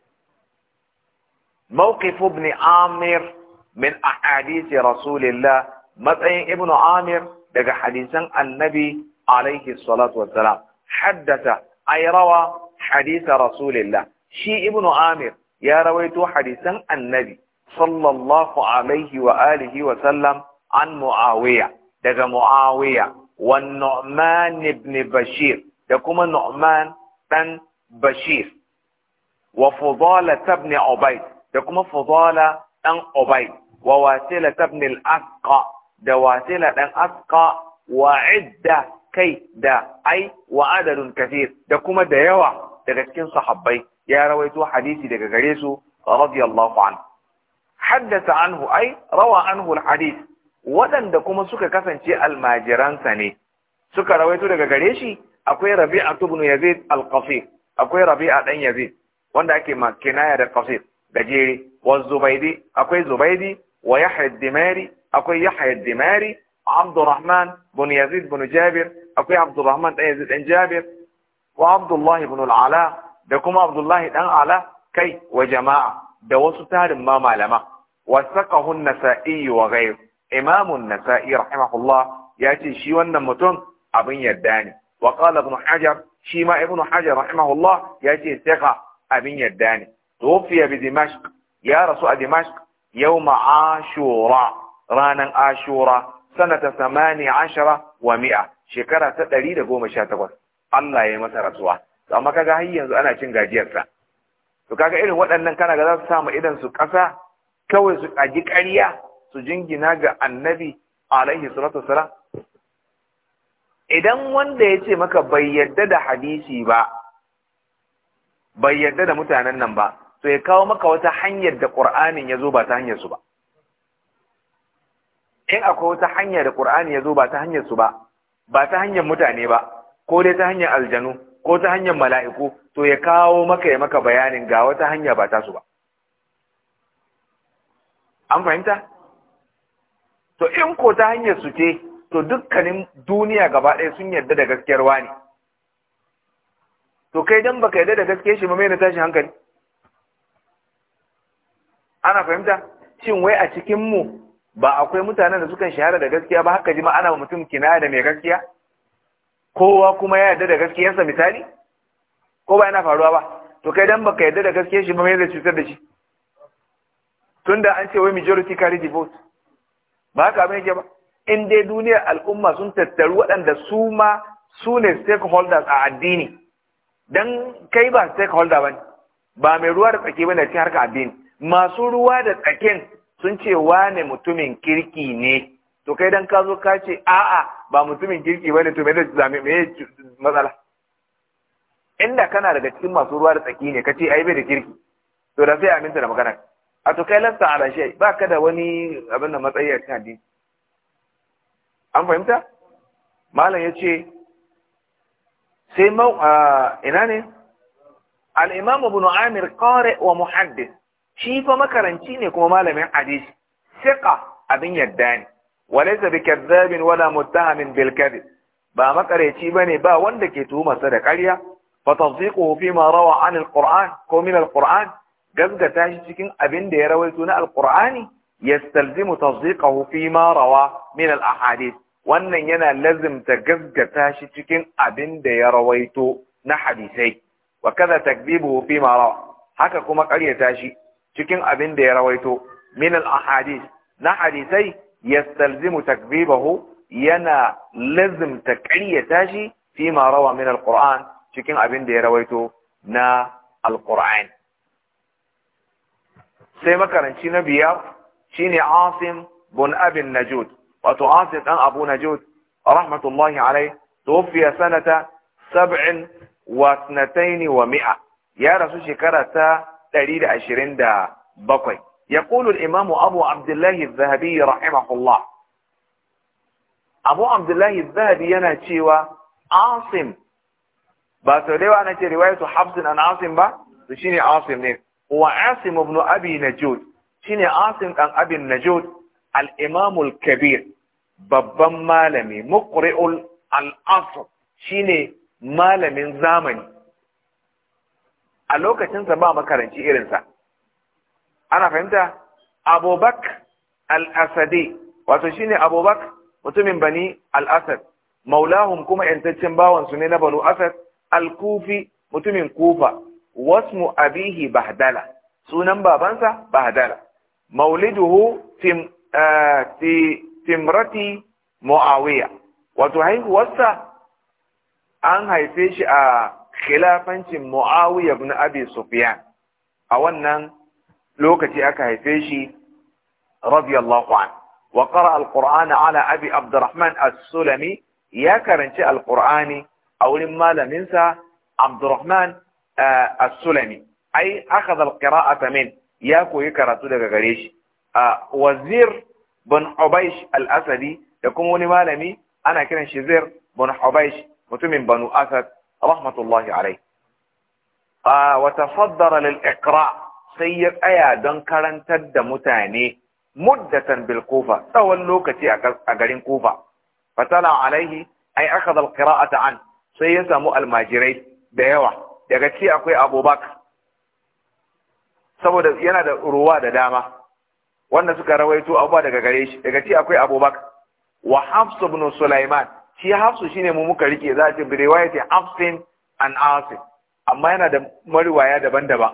موقف ابن عامر من أحاديث رسول الله matsayin ابن عامر daga حديثا النبي عليه الصلاة والسلام haddasa ay rawa hadisa rasulillah shi ibnu amir ya rawaito hadisan annabi sallallahu alaihi wa alihi wa sallam an muawiya daga muawiya wa nu'man ibn bashir da kuma nu'man dan bashir wa fudala ibn ubayd da kuma fudala dan ubayd wa wasila ibn al-asqa da wasila dan asqa wa idda kai da ai wa adadun kafir. da kuma da yawa daga cikin sahabbai ya rawaito hadisi daga gare su radiyallahu anhu haddasa anhu ai rawa anhu alhadith waɗanda kuma suka kasance almajiransa ne suka rawaito daga gare shi akwai rabi'a ibn yazid al akwai rabi'a dan yazid wanda ake kinaya da qasir da jere wa zubaydi akwai zubairi. wa yahya ad-dimari akwai yahya ad-dimari abdurrahman ibn yazid ibn jabir أكو عبد الرحمن أي زيد بن جابر وعبد الله بن العلاء دكم عبد الله بن علاء كي وجماعة دوس تهر ما معلمة وسقه النسائي وغير إمام النسائي رحمه الله يأتي شيوان النمتون أبن يداني وقال ابن حجر شيما ابن حجر رحمه الله يأتي سقه أبن يداني توفي بدمشق يا رسول دمشق يوم عاشوراء رانا عاشوراء سنة ثماني عشرة ومئة shekara ta ɗari da goma sha takwas Allah ya yi masa rasuwa to amma kaga har yanzu ana cin gajiyarsa to kaga irin waɗannan kana ga za su samu idan su ƙasa kawai su ƙaji ƙarya su jingina ga annabi alaihi salatu wasalam idan wanda ya ce maka bai yadda da hadisi ba bai yadda da mutanen nan ba to ya kawo maka wata hanyar da ƙur'anin ya zo ba ta hanyar ba in akwai wata hanya da ƙur'ani ya zo ba ta hanyarsu ba ba ta hanyar mutane ba ko dai ta hanyar aljanu ko ta hanyar mala'iku to ya kawo maka ya maka bayanin ga wata hanya ba tasu ba an fahimta to in ko ta hanyar su ce to dukkanin duniya gaba ɗaya sun yarda da gaskiyar wani to kai dan baka yarda da gaskiyar shi ba mai na tashi hankali ana fahimta shin wai a cikin mu ba akwai mutanen da suka shahara da gaskiya ba haka ji ma ana mutum kinaya da mai gaskiya kowa kuma ya yarda da gaskiyarsa misali ko ba yana faruwa ba to kai dan baka yarda da gaskiyar shi ba mai zai cutar da shi tunda an ce wai majority carry the vote ba haka mai ke ba in dai duniyar al'umma sun tattaru waɗanda su ma su ne stakeholders a addini dan kai ba stakeholder ba ba mai ruwa da tsaki ba ne cikin harka addini masu ruwa da tsakin sun ce wane mutumin kirki ne to kai dan ka zo ka ce a'a ba mutumin kirki ba ne to me zame mai matsala inda kana daga cikin masu ruwa da tsaki ne ka ce ai bai da kirki to da sai aminta da magana a to kai lasta ala shi ba ka da wani abin da matsayi a cikin addini an fahimta malam ya ce sai ah, ina ne al-imam ibn amir qari wa muhaddis shi fa makaranci ne kuma malamin hadisi siqa abin yadda ne walaysa bikadzabin wala muttahamin bil kadhib ba makareci bane ba wanda ke tuhumarsa da ƙarya fa tasdiquhu fima rawa an alquran ko min alquran gaggata shi cikin abin da ya rawaito na alqurani yastalzimu tasdiquhu fima rawa min alahadith wannan yana lazimta gaggata shi cikin abin da ya rawaito na hadisai wa kaza takdibuhu fima rawa haka kuma ƙaryata shi cikin abin da ya rawaito min al ahadith na hadisai yastalzimu takzibahu yana lazimta ƙaryata shi fi ma rawa min al qur'an cikin abin da ya rawaito na al qur'an sai makaranci na biyar shine Asim bin Abin Najud wato Asim dan Abu Najud rahmatullahi alaihi tuwfiya sanata sab'in ya rasu shekara ta 127 يقول الإمام أبو عبد الله الذهبي رحمه الله أبو عبد الله الذهبي يناتشيوا عاصم باتوليوا أنا رواية حفص أن عاصم با شيني عاصم نين هو عاصم بن أبي نجود شيني عاصم بن أبي نجود الإمام الكبير بابا مالمي مقرئ الأصل asr shine malamin zamani a lokacinsa ba makaranci irinsa ana fahimta abubak al-asadi wato shine abubak mutumin bani al-asad maulahum kuma yantaccen bawansu ne na banu asad al-kufi mutumin kufa wasmu abihi bahdala sunan babansa bahdala mauliduhu eh, timrati muawiya wato haihuwarsa an haife shi a khilafancin Muawiya ibn Abi Sufyan a wannan lokaci aka haife shi radiyallahu an wa qara al-Qur'ana ala Abi Abdurrahman as-Sulami ya karanci al a wurin malaminsa Abdurrahman eh, as-Sulami ai akhadha al-qira'ata min ya koyi karatu daga gare shi wazir bin Ubaysh al-Asadi da kuma wani malami ana kiran shi Zir bin Ubaysh mutumin Banu Asad rahmatullahi alai a wata faddara lil'ikra sai ya tsaya don karantar da mutane muddatan bil tsawon lokaci a garin kufa fatala alaihi ai aka zal qira'ata an sai ya samu almajirai da yawa daga ci akwai abubakar saboda yana da ruwa da dama wanda suka rawaito abuwa daga gare shi daga ci akwai abubakar wa hafsu ibn sulaiman shi hafsu shine mu muka rike za a ce bi riwayati an amma yana da mariwaya daban-daban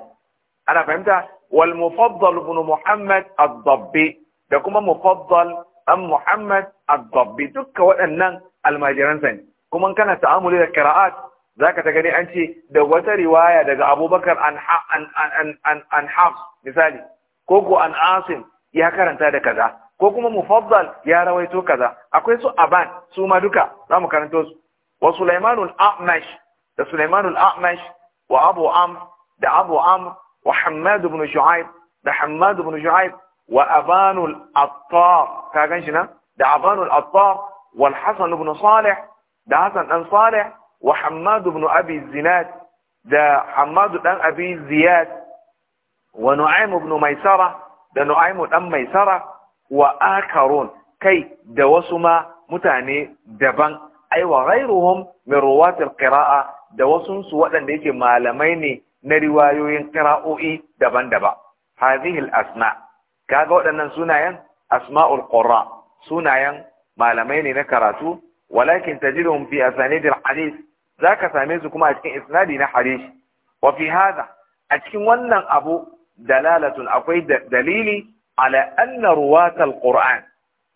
ana fahimta wal mufaddal ibn muhammad ad-dabbi da kuma mufaddal an muhammad ad-dabbi dukkan waɗannan almajiransa ne kuma kana ta'amuli da qira'at zaka ta gani an ce da wata riwaya daga abubakar an an an an, misali ko ko an ya karanta da kaza ko kuma mufaddal ya rawaito kaza akwai su aban su ma duka za mu karanto su wa sulaimanul a'mash da sulaimanul a'mash wa abu am da abu am wa hammad ibn shu'aib da hammad ibn shu'aib wa abanul attar ka gan shi na da abanul attar wal hasan ibn salih da hasan dan salih wa hammad ibn abi zinad da hammad dan abi ziyad wa nu'aym ibn maisara da nu'aym dan maisara wa akarun kai da wasu ma mutane daban ai wa ghairuhum min ruwatil qira'a da wasu su waɗanda yake malamai ne na riwayoyin qira'o'i daban-daban hadhihi al-asma kaga waɗannan sunayen asma'ul qurra sunayen malamai ne na karatu walakin tajiduhum fi asanidil hadith zaka same su kuma a cikin isnadi na hadith wa fi hadha a cikin wannan abu dalalatun akwai dalili ala anna ruwatal qur'an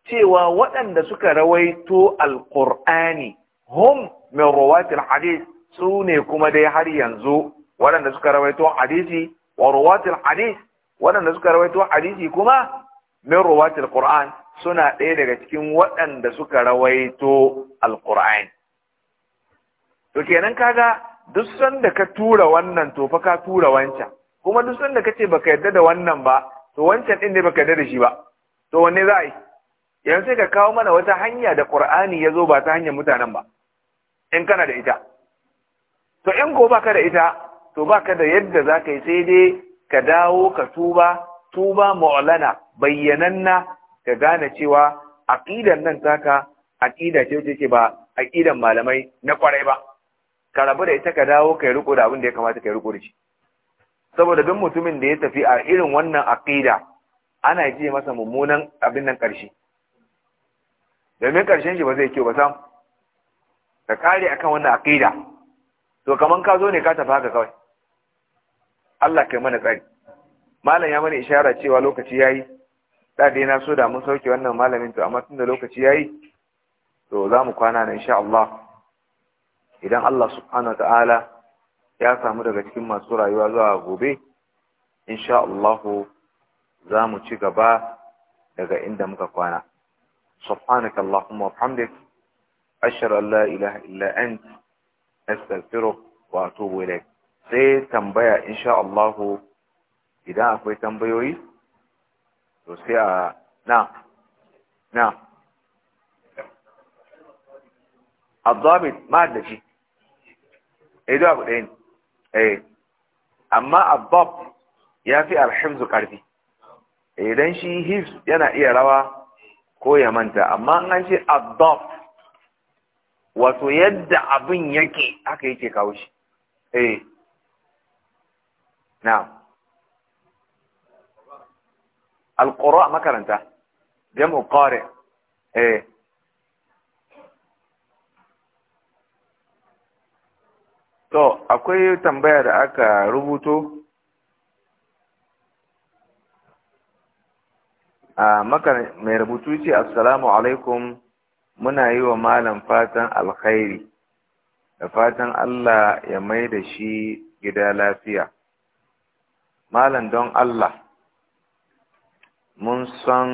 cewa waɗanda suka rawaito Alƙur'ani, hum min ruwatil hadith su ne kuma dai har yanzu waɗanda suka rawaito hadisi wa ruwatil hadith waɗanda suka rawaito hadisi kuma min ruwatil qur'an suna ɗaya daga cikin waɗanda suka rawaito Alƙur'ani. to kenan kaga duk sanda ka tura wannan to fa ka tura wancan kuma duk sanda kace baka yarda da wannan ba to wancan din ne baka da shi ba to wanne za a yi yanzu sai ka kawo mana wata hanya da qur'ani ya zo ba ta hanyar mutanen ba in kana da ita to in ko baka da ita to baka da yadda za ka yi sai dai ka dawo ka tuba tuba mu'lana bayyananna ka gane cewa aqidan nan taka aqida ce wacce ba aqidan malamai na kwarai ba ka rabu da ita ka dawo kai riko da abin da ya kamata kai riko da shi saboda duk mutumin da ya tafi a irin wannan aqida ana ji masa mummunan abin nan ƙarshe domin ƙarshen shi ba zai kyau ba sam ka kare akan wannan aqida to kaman ka zo ne ka tafi haka kawai Allah kai mana tsari malam ya mana ishara cewa lokaci yayi da dai na so da mun sauke wannan malamin to amma tun da lokaci yayi to za mu kwana na insha Allah idan Allah subhanahu wa ta'ala ya samu daga cikin masu rayuwa zuwa gobe insha Allah za mu ci gaba daga inda muka kwana subhanak allahumma wa bihamdik ashhadu an la ilaha illa ant astaghfiruka wa atubu ilaik sai tambaya insha Allah idan akwai tambayoyi to sai a na na الضابط ما ادري ايه ده ابو Eh, amma abab ya fi alhimzu karfi idan shi hif yana iya rawa ko ya manta amma an ce abab wato yadda abin yake haka yake kawo shi eh na alqura makaranta jam'u qari eh, To, akwai tambaya da aka rubuto a maka mai rubutu ce assalamu alaikum muna yi wa malam fatan alkhairi da fatan Allah ya mai da shi gida lafiya. Malam don Allah, mun san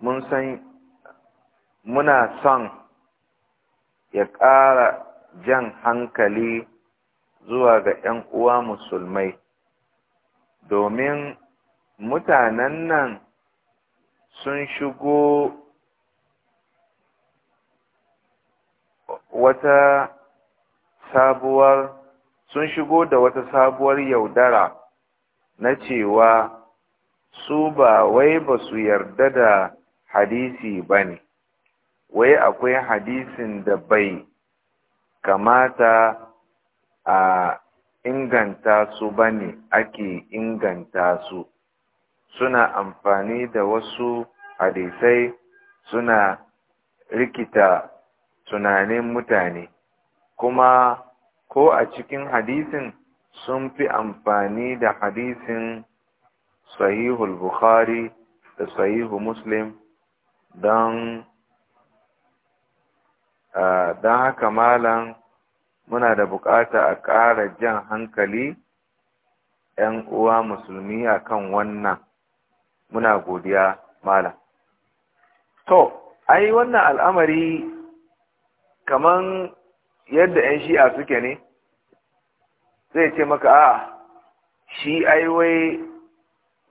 mun san muna son ya ƙara jan hankali zuwa ga ‘yan uwa musulmai, domin mutanen nan sun shigo wata sabuwar sun shigo da wata sabuwar yaudara na cewa su ba wai ba su yarda da hadisi ba ne wai akwai hadisin da bai kamata a inganta su ba ne ake inganta su suna amfani da wasu hadisai suna rikita tunanin mutane kuma ko a cikin hadisin sun fi amfani da hadisin sahihul bukhari da sahihu muslim don Ah, don haka malam muna da bukata a ƙara jan hankali 'yan uwa musulmi kan wannan muna godiya malam to ai wannan al'amari kaman yadda 'yan shi'a suke ne zai ce maka a shi aiwai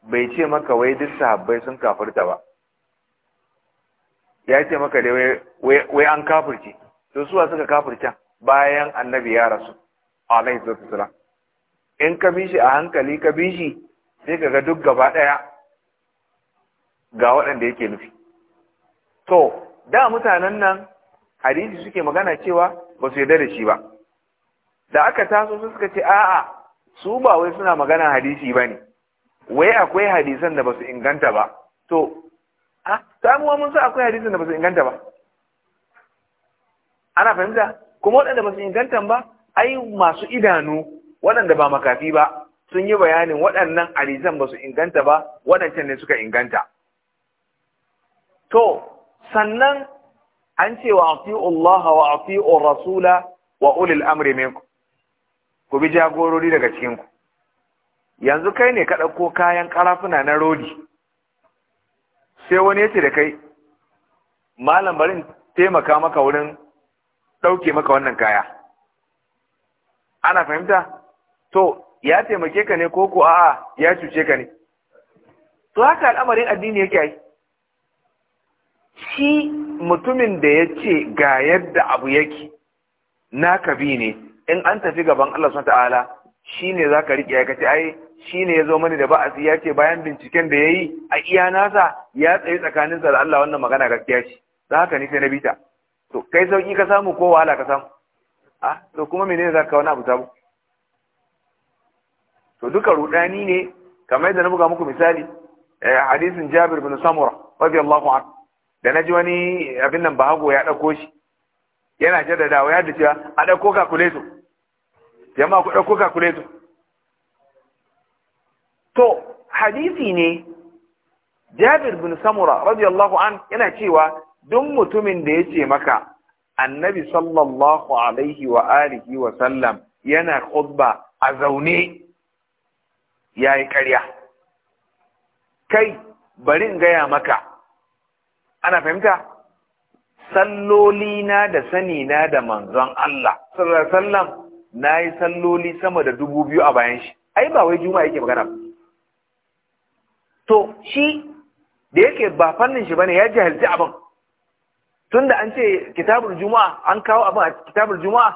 bai ce maka wai duk sahabbai sun kafirta ba ya ce maka da wai an kafirci to suwa suka kafirce bayan annabi ya rasu alaihi sallam in ka bi shi a hankali ka bi shi sai ka ga duk gaba ɗaya ga waɗanda yake nufi to da mutanen nan hadisi suke magana cewa ba su yarda da shi ba da aka taso su suka ce a'a su ba wai suna magana hadisi ba ne wai akwai hadisan da ba su inganta ba to ta samuwa mun san akwai hadisin da ba su inganta ba ana fahimta kuma waɗanda ba su inganta ba ai masu idanu waɗanda ba makafi ba sun yi bayanin waɗannan hadisan ba su inganta ba waɗancan ne suka inganta to sannan an ce wa afi Allah wa afi'u Rasula wa ulil amri minkum ku bi jagorori daga cikin ku yanzu kai ne ka ɗauko kayan karafuna na rodi sai wani yace da kai malam barin taimaka maka wurin ɗauke maka wannan kaya ana fahimta to ya taimake ka ne ko ko a'a ya cuce ka ne to haka al'amarin addini yake ai shi mutumin da ya ce ga yadda abu yake na kabi ne in an tafi gaban Allah subhanahu ta'ala shine zaka rike ya kace ai shi ne ya zo mani da ba'asi ya ce bayan binciken da ya yi a iya nasa ya tsaye tsakaninsa da Allah wannan magana gaskiya ce za haka ni sai na bita to kai sauki ka samu ko wahala ka samu ah to kuma menene za ka wani abu sabu? to duka rudani ne kamar yadda na buga muku misali eh, hadisin Jabir bin Samura radiyallahu anhu da naji wani abin nan bahago ya dauko shi yana jaddadawa ya dace a dauko kakuleto jama'a ku dauko kakuleto to hadisi ne jabir bin samura radiyallahu an yana cewa duk mutumin da ya ce maka annabi sallallahu alaihi wa alihi wa sallam yana khutba a zaune ya yi karya kai bari in gaya maka ana fahimta Salloli na da sani na da manzon Allah sallallahu alaihi wa sallam na yi salloli sama da dubu biyu a bayan shi ai ba wai juma'a yake magana ba to shi da yake ba fannin shi bane ya jahilci abin tunda an ce kitabul juma'a an kawo abin a kitabul juma'a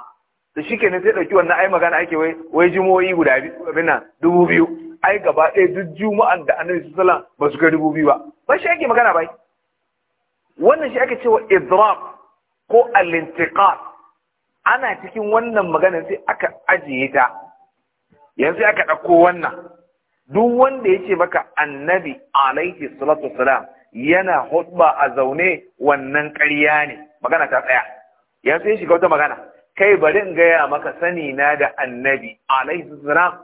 da shi kenan sai dauki wannan ai magana ake wai wai jumoyi guda biyu abin nan dubu biyu ai gaba ɗaya duk juma'an da annabi sallallahu alaihi ba su kai dubu biyu ba ba shi ake magana bai wannan shi ake cewa idrab ko al-intiqad ana cikin wannan magana sai aka ajiye ta yanzu aka dauko wannan duk wanda yake maka annabi alaihi salatu wassalam yana hutba a zaune wannan ƙarya ne magana ta tsaya ya sai shiga wata magana kai bari in gaya maka sani na da annabi alaihi salam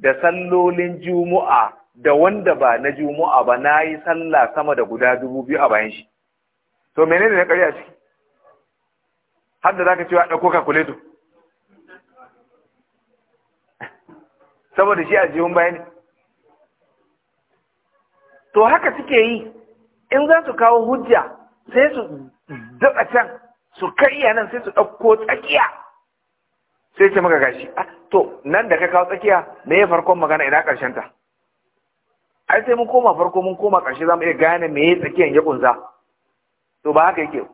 da sallolin juma'a da wanda ba na juma'a ba na yi sallah sama da guda dubu biyu a bayan shi to menene na ƙarya ciki har da zaka cewa ɗauko kakuleto saboda shi a jihun bayani to haka suke yi in za su kawo hujja sai su daɗa can su kariya nan sai su ɗauko tsakiya sai ce maka gashi ah, to nan da ka kawo tsakiya na yi farkon magana ina ƙarshen ta ai sai mun koma farko mun koma ƙarshe za mu iya gane me ya tsakiyan ya kunza to ba haka yake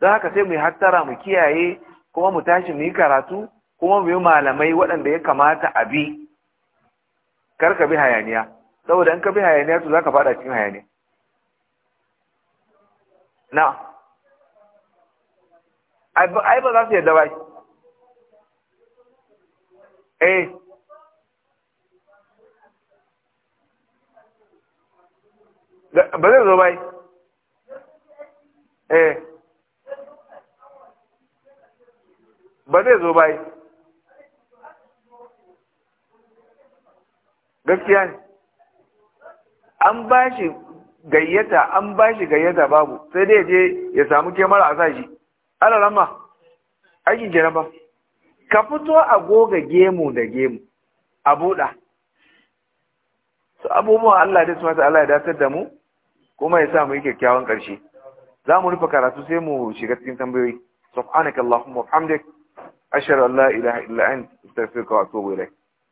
don haka sai mu yi hattara mu kiyaye kuma mu tashi mu yi karatu kuma mu yi malamai waɗanda ya kamata a bi kar ka bi hayaniya saboda in ka bi hayaniya to zaka fada cikin hayaniya na ai ba za su yadda eh. ba eh ba zai zo bai eh ba zai zo bai gaskiya ne an ba shi gayyata an ba shi gayyata babu sai dai je ya samu kemara a sashi rama aikin ke ba ka fito a goga gemu da gemu a buɗa su abubuwan Allah da su mata Allah ya datar da mu kuma ya sa mu yi kyakkyawan ƙarshe za mu rufe karatu sai mu shiga cikin tambayoyi subhanakallahumma wa bihamdik ashhadu an la ilaha illa anta astaghfiruka wa